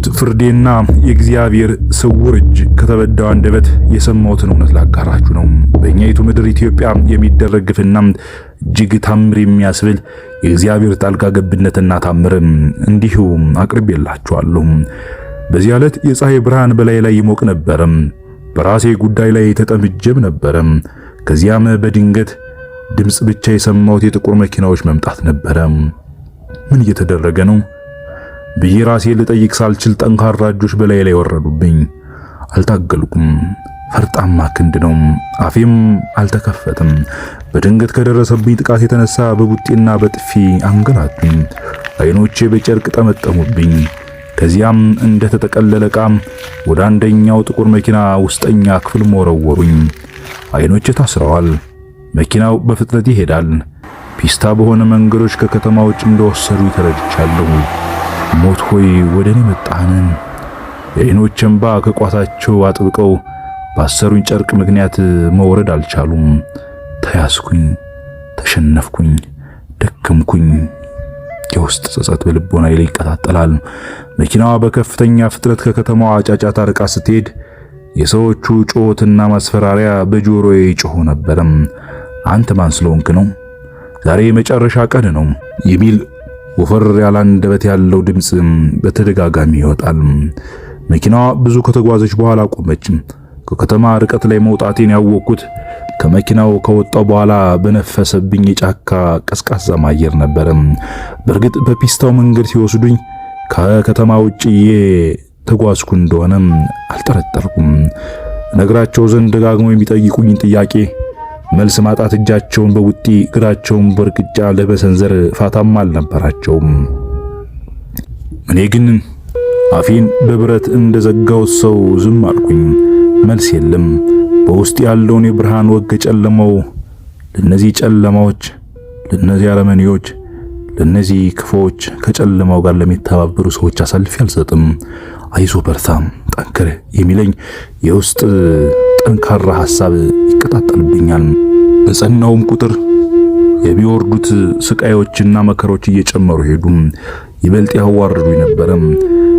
የሰማሁት ፍርዴና የእግዚአብሔር ስውር እጅ ከተበዳው አንደበት የሰማሁትን እውነት ላጋራችሁ ነው። በእኛይቱ ምድር ኢትዮጵያ የሚደረግ ግፍና እጅግ ታምር የሚያስብል የእግዚአብሔር ጣልቃ ገብነትና ታምር እንዲሁ አቅርቤላችኋለሁ። በዚህ ዕለት የፀሐይ ብርሃን በላይ ላይ ይሞቅ ነበረም። በራሴ ጉዳይ ላይ ተጠምጀም ነበረም። ከዚያም በድንገት ድምፅ ብቻ የሰማሁት የጥቁር መኪናዎች መምጣት ነበረ። ምን እየተደረገ ነው? ብዬ ራሴ ልጠይቅ ሳልችል ጠንካራ እጆች በላይ ላይ ወረዱብኝ። አልታገልኩም። ፈርጣማ ክንድ ነው። አፌም አልተከፈተም። በድንገት ከደረሰብኝ ጥቃት የተነሳ በቡጤና በጥፊ አንገላቱኝ። አይኖቼ በጨርቅ ጠመጠሙብኝ። ከዚያም እንደ ተጠቀለለ ዕቃ ወደ አንደኛው ጥቁር መኪና ውስጠኛ ክፍል መወረወሩኝ። አይኖቼ ታስረዋል። መኪናው በፍጥነት ይሄዳል። ፒስታ በሆነ መንገዶች ከከተማ ውጭ እንደወሰዱ ተረድቻለሁ። ሞት ሆይ ወደ እኔ መጣህን? የዓይኖች እንባ ከቋታቸው አጥብቀው ባሰሩኝ ጨርቅ ምክንያት መውረድ አልቻሉም። ተያዝኩኝ፣ ተሸነፍኩኝ፣ ደከምኩኝ። የውስጥ ጸጸት በልቦና ላይ ይቀጣጠላል። መኪናዋ በከፍተኛ ፍጥነት ከከተማዋ ጫጫታ ርቃ ስትሄድ የሰዎቹ ጩኸትና ማስፈራሪያ በጆሮዬ ይጮህ ነበረም። አንተ ማን ስለሆንክ ነው? ዛሬ የመጨረሻ ቀን ነው የሚል ወፈር ያለ አንደበት ያለው ድምፅ በተደጋጋሚ ይወጣል። መኪናዋ ብዙ ከተጓዘች በኋላ ቆመች። ከከተማ ርቀት ላይ መውጣቴን ያወቅኩት ከመኪናው ከወጣው በኋላ በነፈሰብኝ የጫካ ቀዝቃዛ አየር ነበር። በእርግጥ በፒስታው መንገድ ሲወስዱኝ ከከተማ ውጭዬ ተጓዝኩ እንደሆነም አልጠረጠርኩም። ነግራቸው ዘንድ ደጋግሞ የሚጠይቁኝ ጥያቄ መልስ ማጣት እጃቸውን በውጢ እግራቸውን በርግጫ ለመሰንዘር ፋታም አልነበራቸውም። እኔ ግን አፌን በብረት እንደዘጋው ሰው ዝም አልኩኝ። መልስ የለም። በውስጥ ያለውን የብርሃን ወግ ጨለመው። ለነዚህ ጨለማዎች፣ ለነዚህ አረመኔዎች፣ ለነዚህ ክፎች ከጨለማው ጋር ለሚተባበሩ ሰዎች አሳልፌ አልሰጥም። አይዞ በርታም፣ ጠንክር የሚለኝ የውስጥ ጠንካራ ሐሳብ ይቀጣጠልብኛል። በጸናውም ቁጥር የሚወርዱት ስቃዮችና መከሮች እየጨመሩ ሄዱ። ይበልጥ ያዋርዱ ነበረ።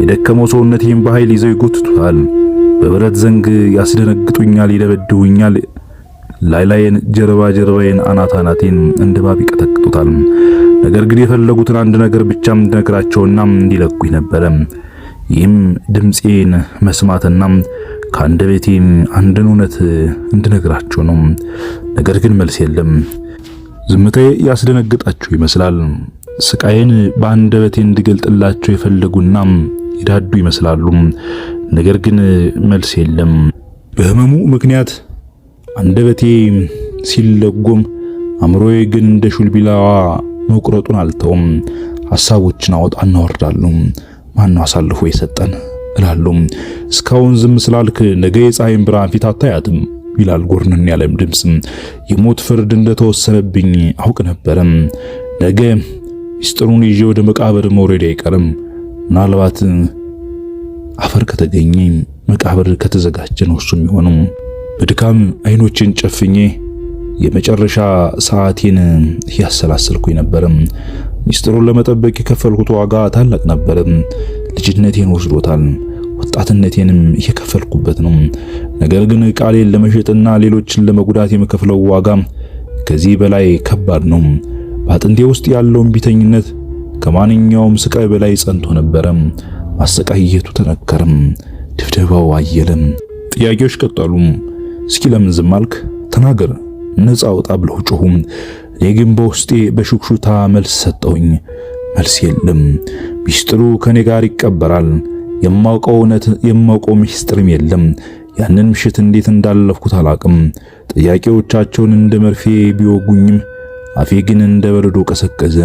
የደከመው ሰውነቴን በኃይል ይዘው ይጎትቱታል። በብረት ዘንግ ያስደነግጡኛል፣ ይደበድቡኛል። ላይ ላይን፣ ጀርባ ጀርባዬን፣ አናት አናቴን እንደ ይቀጠቅጡታል። ነገር ግን የፈለጉትን አንድ ነገር ብቻ እንድነግራቸውና እንዲለቁኝ ነበረ። ይህም ድምፄን መስማትና ከአንደበቴም አንድን እውነት እንድነግራችሁ ነው። ነገር ግን መልስ የለም። ዝምታዬ ያስደነግጣችሁ ይመስላል። ስቃዬን በአንደበቴ እንድገልጥላችሁ የፈለጉና ይዳዱ ይመስላሉ። ነገር ግን መልስ የለም። በህመሙ ምክንያት አንደበቴ ሲለጎም አእምሮዬ ግን እንደ ሹል ቢላዋ መቁረጡን አልተውም። ሐሳቦችን አወጣ እናወርዳሉ። ማን ነው አሳልፎ የሰጠን? እላሉ። እስካሁን ዝም ስላልክ ነገ የፀሐይን ብርሃን ፊት አታያትም ይላል ጎርነን ያለም ድምፅ። የሞት ፍርድ እንደተወሰነብኝ አውቅ ነበረም። ነገ ሚስጥሩን ይዤ ወደ መቃብር መውረድ አይቀርም። ምናልባት አፈር ከተገኘ መቃብር ከተዘጋጀ ነው እሱ የሚሆነው። በድካም አይኖችን ጨፍኜ የመጨረሻ ሰዓቴን እያሰላሰልኩኝ ነበር። ሚስጥሩን ለመጠበቅ የከፈልኩት ዋጋ ታላቅ ነበረም። ልጅነቴን ወስዶታል። ወጣትነቴንም እየከፈልኩበት ነው። ነገር ግን ቃሌን ለመሸጥና ሌሎችን ለመጉዳት የምከፍለው ዋጋ ከዚህ በላይ ከባድ ነው። በአጥንቴ ውስጥ ያለውን ቢተኝነት ከማንኛውም ስቃይ በላይ ጸንቶ ነበረ። ማሰቃየቱ ተነከረም፣ ድብደባው አየለም። ጥያቄዎች ቀጠሉ። እስኪ ለምን ዝም አልክ? ተናገር፣ ነፃ አውጣ ብለው ጮኹም። እኔ ግን በውስጤ በሹክሹታ መልስ ሰጠውኝ። መልስ የለም። ሚስጥሩ ከኔ ጋር ይቀበራል። የማውቀው እውነት የማውቀው ሚስጥርም የለም። ያንን ምሽት እንዴት እንዳለፍኩት አላቅም። ጥያቄዎቻቸውን እንደ መርፌ ቢወጉኝም አፌ ግን እንደ በረዶ ቀሰቀዘ።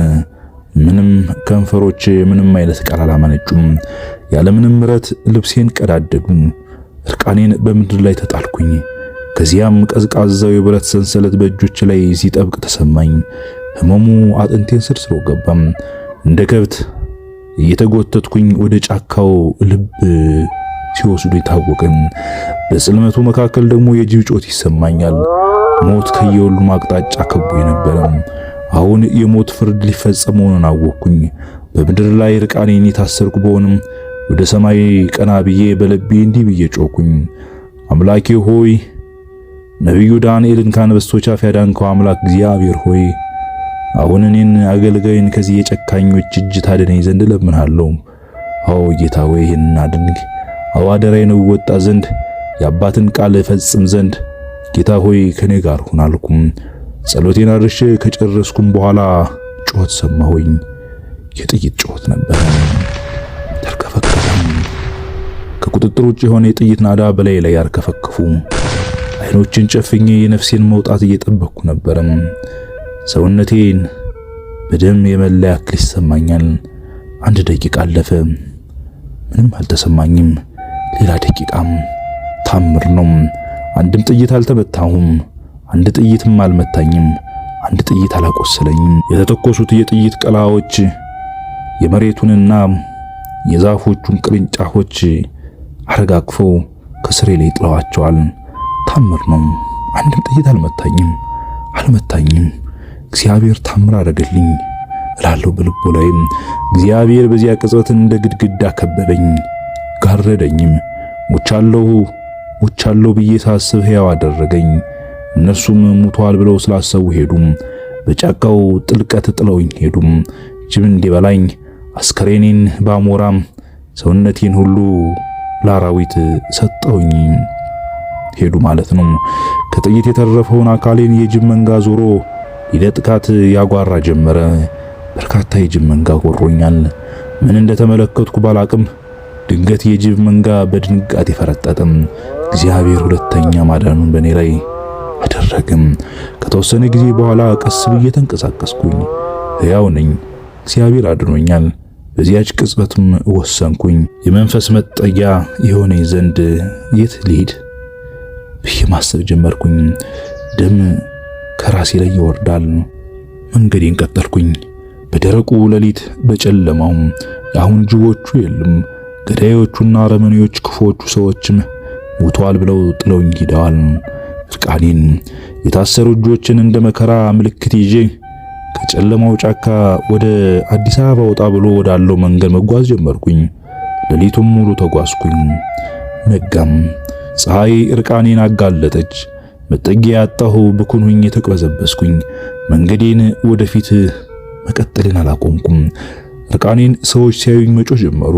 ምንም ከንፈሮች ምንም አይነት ቃል አላመነጩም። ያለምንም ምረት ልብሴን ቀዳደዱ። እርቃኔን በምድር ላይ ተጣልኩኝ። ከዚያም ቀዝቃዛው የብረት ሰንሰለት በእጆች ላይ ሲጠብቅ ተሰማኝ። ህመሙ አጥንቴን ስርስሮ ገባም እንደ ከብት እየተጎተትኩኝ ወደ ጫካው ልብ ሲወስዱ የታወቅን በጽልመቱ መካከል ደግሞ የጅብ ጮት ይሰማኛል። ሞት ከየሁሉም አቅጣጫ ከቦ የነበረም አሁን የሞት ፍርድ ሊፈጸም መሆኑን አወቅኩኝ። በምድር ላይ ርቃኔን የታሰርኩ በሆንም ወደ ሰማይ ቀና ብዬ በልቤ እንዲህ ብዬ ጮኩኝ። አምላኬ ሆይ ነቢዩ ዳንኤልን ካንበሶች አፍ ያዳንከው አምላክ እግዚአብሔር ሆይ አሁን እኔን አገልጋይን ከዚህ የጨካኞች እጅ ታድነኝ ዘንድ እለምንሃለሁ። አዎ ጌታ ወይ ይህን አድንግ። አዎ አደራዬን እወጣ ዘንድ የአባትን ቃል እፈጽም ዘንድ ጌታ ሆይ ከኔ ጋር ሁን አልኩም። ጸሎቴን አድርሼ ከጨረስኩም በኋላ ጩኸት ሰማሁኝ። የጥይት ጩኸት ነበር። ተርከፈከፈም። ከቁጥጥር ውጭ የሆነ የጥይት ናዳ በላይ ላይ ያርከፈከፉ። አይኖችን ጨፍኜ የነፍሴን መውጣት እየጠበቅኩ ነበርም። ሰውነቴን በደም የመላ ያክል ይሰማኛል። አንድ ደቂቃ አለፈ። ምንም አልተሰማኝም። ሌላ ደቂቃም ታምር ነው። አንድም ጥይት አልተመታሁም። አንድ ጥይትም አልመታኝም። አንድ ጥይት አላቆሰለኝም። የተተኮሱት የጥይት ቀላዎች የመሬቱንና የዛፎቹን ቅርንጫፎች አረጋግፈው ከስሬ ላይ ጥለዋቸዋል። ታምር ነው። አንድም ጥይት አልመታኝም አልመታኝም። እግዚአብሔር ታምር አደረገልኝ እላለሁ በልቦ ላይም። እግዚአብሔር በዚያ ቅጽበት እንደ ግድግዳ ከበበኝ ጋረደኝም። ሙቻለሁ ሞቻለሁ ብዬ ሳስብ ሕያው አደረገኝ። እነሱም ሙቷል ብለው ስላሰቡ ሄዱም፣ በጫካው ጥልቀት ጥለውኝ ሄዱም። ጅብ እንዲበላኝ አስከሬኔን ባሞራም ሰውነቴን ሁሉ ለአራዊት ሰጠውኝ ሄዱ ማለት ነው። ከጥይት የተረፈውን አካሌን የጅብ መንጋ ዞሮ ሊነጥቃት ያጓራ ጀመረ። በርካታ የጅብ መንጋ ጎሮኛል። ምን እንደተመለከትኩ ባላቅም ድንገት የጅብ መንጋ በድንጋጤ ፈረጠጥም። እግዚአብሔር ሁለተኛ ማዳኑን በእኔ ላይ አደረግም። ከተወሰነ ጊዜ በኋላ ቀስ ብዬ ተንቀሳቀስኩኝ። ሕያው ነኝ፣ እግዚአብሔር አድኖኛል። በዚያች ቅጽበትም ወሰንኩኝ የመንፈስ መጠጊያ የሆነኝ ዘንድ የት ልሂድ ብዬ ማሰብ ጀመርኩኝ። ደም ከራሴ ላይ ይወርዳል። መንገዴን ቀጠልኩኝ። በደረቁ ሌሊት በጨለማው አሁን ጅቦቹ የሉም። ገዳዮቹና አረመኔዎች ክፉዎቹ ሰዎችም ሞቷል ብለው ጥለውኝ ሂደዋል። እርቃኔን የታሰሩ እጆችን እንደ መከራ ምልክት ይዤ ከጨለማው ጫካ ወደ አዲስ አበባ ወጣ ብሎ ወዳለው መንገድ መጓዝ ጀመርኩኝ። ሌሊቱም ሙሉ ተጓዝኩኝ። ነጋም። ፀሐይ እርቃኔን አጋለጠች። መጠጊያ ያጣሁ ብኩን ሆኜ ተቅበዘበዝኩኝ። መንገዴን ወደፊት መቀጠልን አላቆምኩም። ርቃኔን ሰዎች ሲያዩኝ መጮ ጀመሩ።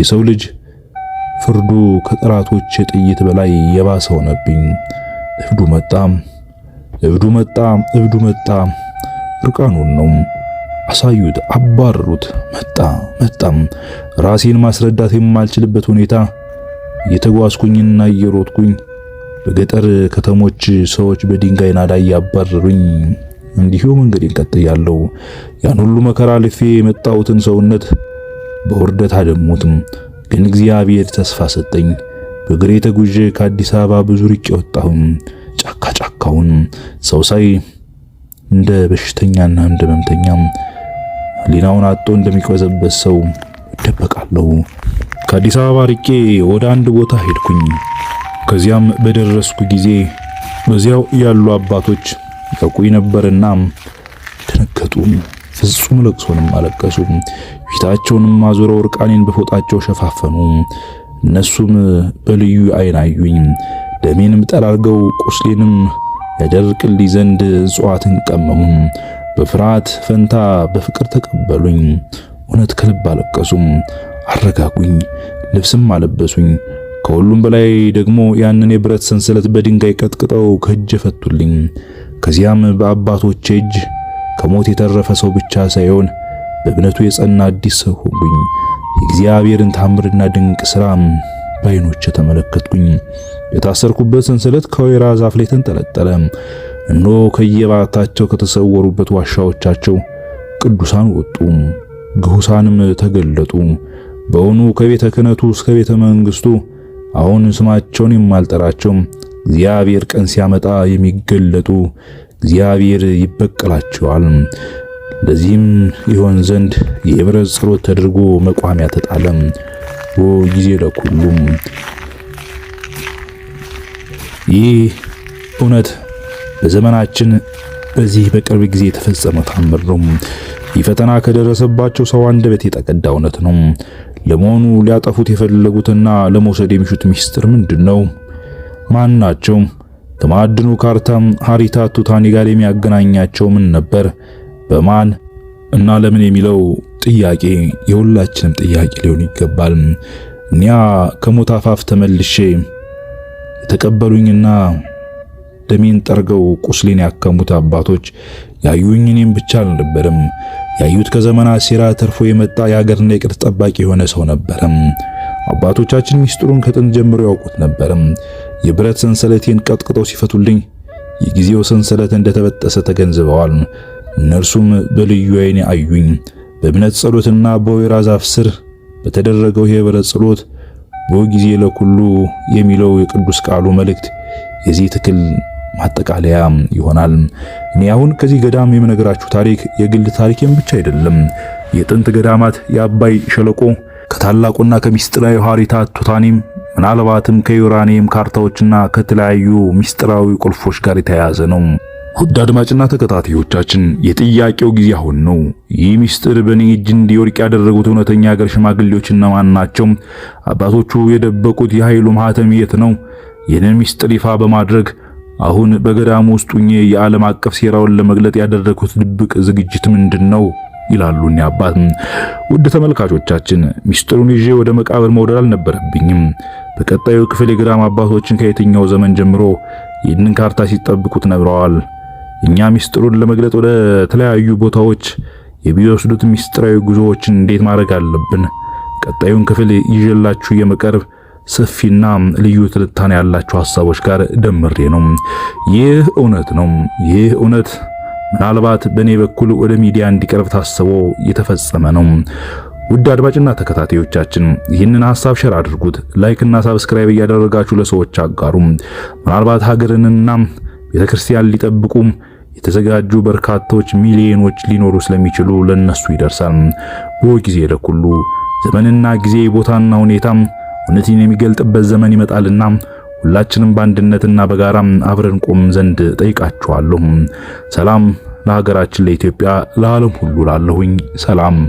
የሰው ልጅ ፍርዱ ከጠላቶች ጥይት በላይ የባሰ ሆነብኝ። እብዱ መጣ፣ እብዱ መጣ፣ እብዱ መጣ። ርቃኑን ነው አሳዩት፣ አባረሩት። መጣ መጣም ራሴን ማስረዳት የማልችልበት ሁኔታ እየተጓዝኩኝና እየሮጥኩኝ በገጠር ከተሞች ሰዎች በድንጋይ ናዳ እያባረሩኝ እንዲሁ መንገዴን ቀጥያለሁ። ያን ሁሉ መከራ ልፌ የመጣሁትን ሰውነት በውርደት አደሙትም። ግን እግዚአብሔር ተስፋ ሰጠኝ። በእግሬ ተጉዤ ከአዲስ አበባ ብዙ ርቄ ወጣሁም። ጫካ ጫካውን ሰው ሳይ እንደ በሽተኛና እንደ መምተኛ ሊናውን አጥቶ እንደሚቆዘበት ሰው እደበቃለሁ። ከአዲስ አበባ ርቄ ወደ አንድ ቦታ ሄድኩኝ። ከዚያም በደረስኩ ጊዜ በዚያው ያሉ አባቶች ያውቁኝ ነበርና ደነገጡ። ፍጹም ለቅሶንም አለቀሱ። ፊታቸውንም አዙረው እርቃኔን በፎጣቸው ሸፋፈኑ። እነሱም በልዩ ዓይን አዩኝ። ደሜንም ጠራርገው ቁስሌንም ያደርቅልኝ ዘንድ እጽዋትን ቀመሙ። በፍርሃት ፈንታ በፍቅር ተቀበሉኝ። እውነት ከልብ አለቀሱም፣ አረጋጉኝ፣ ልብስም አለበሱኝ። ከሁሉም በላይ ደግሞ ያንን የብረት ሰንሰለት በድንጋይ ቀጥቅጠው ከእጅ ፈቱልኝ። ከዚያም በአባቶቼ እጅ ከሞት የተረፈ ሰው ብቻ ሳይሆን በእምነቱ የጸና አዲስ ሰው ሆንኩኝ። የእግዚአብሔርን ታምርና ድንቅ ሥራም በዓይኖቼ ተመለከትኩኝ። የታሰርኩበት ሰንሰለት ከወይራ ዛፍ ላይ ተንጠለጠለ። እነሆ ከየባታቸው ከተሰወሩበት ዋሻዎቻቸው ቅዱሳን ወጡ፣ ግሁሳንም ተገለጡ። በእውኑ ከቤተ ክህነቱ እስከ ቤተ መንግሥቱ አሁን ስማቸውን የማልጠራቸው እግዚአብሔር ቀን ሲያመጣ የሚገለጡ እግዚአብሔር ይበቀላቸዋል። ለዚህም ይሆን ዘንድ የህብረት ጸሎት ተደርጎ መቋሚያ ተጣለ ወ ጊዜ ለኩሉም ይህ እውነት በዘመናችን በዚህ በቅርብ ጊዜ የተፈጸመ ታምር ነው። ይህ ፈተና ከደረሰባቸው ሰው አንደበት የተቀዳ እውነት ነው። ለመሆኑ ሊያጠፉት የፈለጉትና ለመውሰድ የሚሹት ሚስጥር ምንድን ነው? ማን ናቸው? ከማዕድኑ ካርታም ሃሪታት ቱታኒ ጋር የሚያገናኛቸው ምን ነበር? በማን እና ለምን የሚለው ጥያቄ የሁላችንም ጥያቄ ሊሆን ይገባል። እኒያ ከሞት አፋፍ ተመልሼ የተቀበሉኝና ደሜን ጠርገው ቁስሌን ያከሙት አባቶች ያዩኝ እኔም ብቻ አልነበርም። ያዩት ከዘመናት ሴራ ተርፎ የመጣ የአገርና የቅርስ ጠባቂ የሆነ ሰው ነበረም። አባቶቻችን ሚስጥሩን ከጥንት ጀምሮ ያውቁት ነበርም። የብረት ሰንሰለቴን ቀጥቅጠው ሲፈቱልኝ የጊዜው ሰንሰለት እንደተበጠሰ ተገንዝበዋል። እነርሱም በልዩ ዓይን አዩኝ። በእምነት ጸሎትና በወይራ ዛፍ ስር በተደረገው የህብረት ጸሎት በጊዜ ለኩሉ የሚለው የቅዱስ ቃሉ መልእክት የዚህ ትክል ማጠቃለያ ይሆናል። እኔ አሁን ከዚህ ገዳም የምነግራችሁ ታሪክ የግል ታሪኬም ብቻ አይደለም። የጥንት ገዳማት የአባይ ሸለቆ ከታላቁና ከሚስጥራዊ ሐሪታ ቱታኒም ምናልባትም ከዩራኒየም ካርታዎችና ከተለያዩ ሚስጥራዊ ቁልፎች ጋር የተያያዘ ነው። ውድ አድማጭና ተከታታዮቻችን የጥያቄው ጊዜ አሁን ነው። ይህ ሚስጥር በእኔ እጅ እንዲወርቅ ያደረጉት እውነተኛ ሀገር ሽማግሌዎች እነማን ናቸው? አባቶቹ የደበቁት የኃይሉ ማህተም የት ነው? ይህንን ሚስጥር ይፋ በማድረግ አሁን በገዳሙ ውስጥ ሁኜ የዓለም አቀፍ ሴራውን ለመግለጥ ያደረኩት ድብቅ ዝግጅት ምንድን ነው? ይላሉ እኒ አባት። ውድ ተመልካቾቻችን ሚስጥሩን ይዤ ወደ መቃብር መውደድ አልነበረብኝም። በቀጣዩ ክፍል የገዳም አባቶችን ከየትኛው ዘመን ጀምሮ ይህንን ካርታ ሲጠብቁት ነግረዋል። እኛ ሚስጥሩን ለመግለጥ ወደ ተለያዩ ቦታዎች የሚወስዱት ሚስጥራዊ ጉዞዎችን እንዴት ማድረግ አለብን? ቀጣዩን ክፍል ይዤላችሁ የመቀርብ ሰፊና ልዩ ትልታኔ ያላቸው ሐሳቦች ጋር ደምሬ ነው። ይህ እውነት ነው። ይህ እውነት ምናልባት በእኔ በኩል ወደ ሚዲያ እንዲቀርብ ታስቦ የተፈጸመ ነው። ውድ አድማጭና ተከታታዮቻችን ይህንን ሐሳብ ሼር አድርጉት፣ ላይክና ሳብስክራይብ እያደረጋችሁ ለሰዎች አጋሩ። ምናልባት ሀገርንና ቤተክርስቲያን ሊጠብቁ የተዘጋጁ በርካቶች ሚሊዮኖች ሊኖሩ ስለሚችሉ ለነሱ ይደርሳል። በጊዜ ለኩሉ ዘመንና ጊዜ ቦታና ሁኔታም እውነትን የሚገልጥበት ዘመን ይመጣልና ሁላችንም በአንድነትና በጋራ አብረን ቆም ዘንድ ጠይቃችኋለሁ። ሰላም ለሀገራችን ለኢትዮጵያ፣ ለዓለም ሁሉ ላለሁኝ ሰላም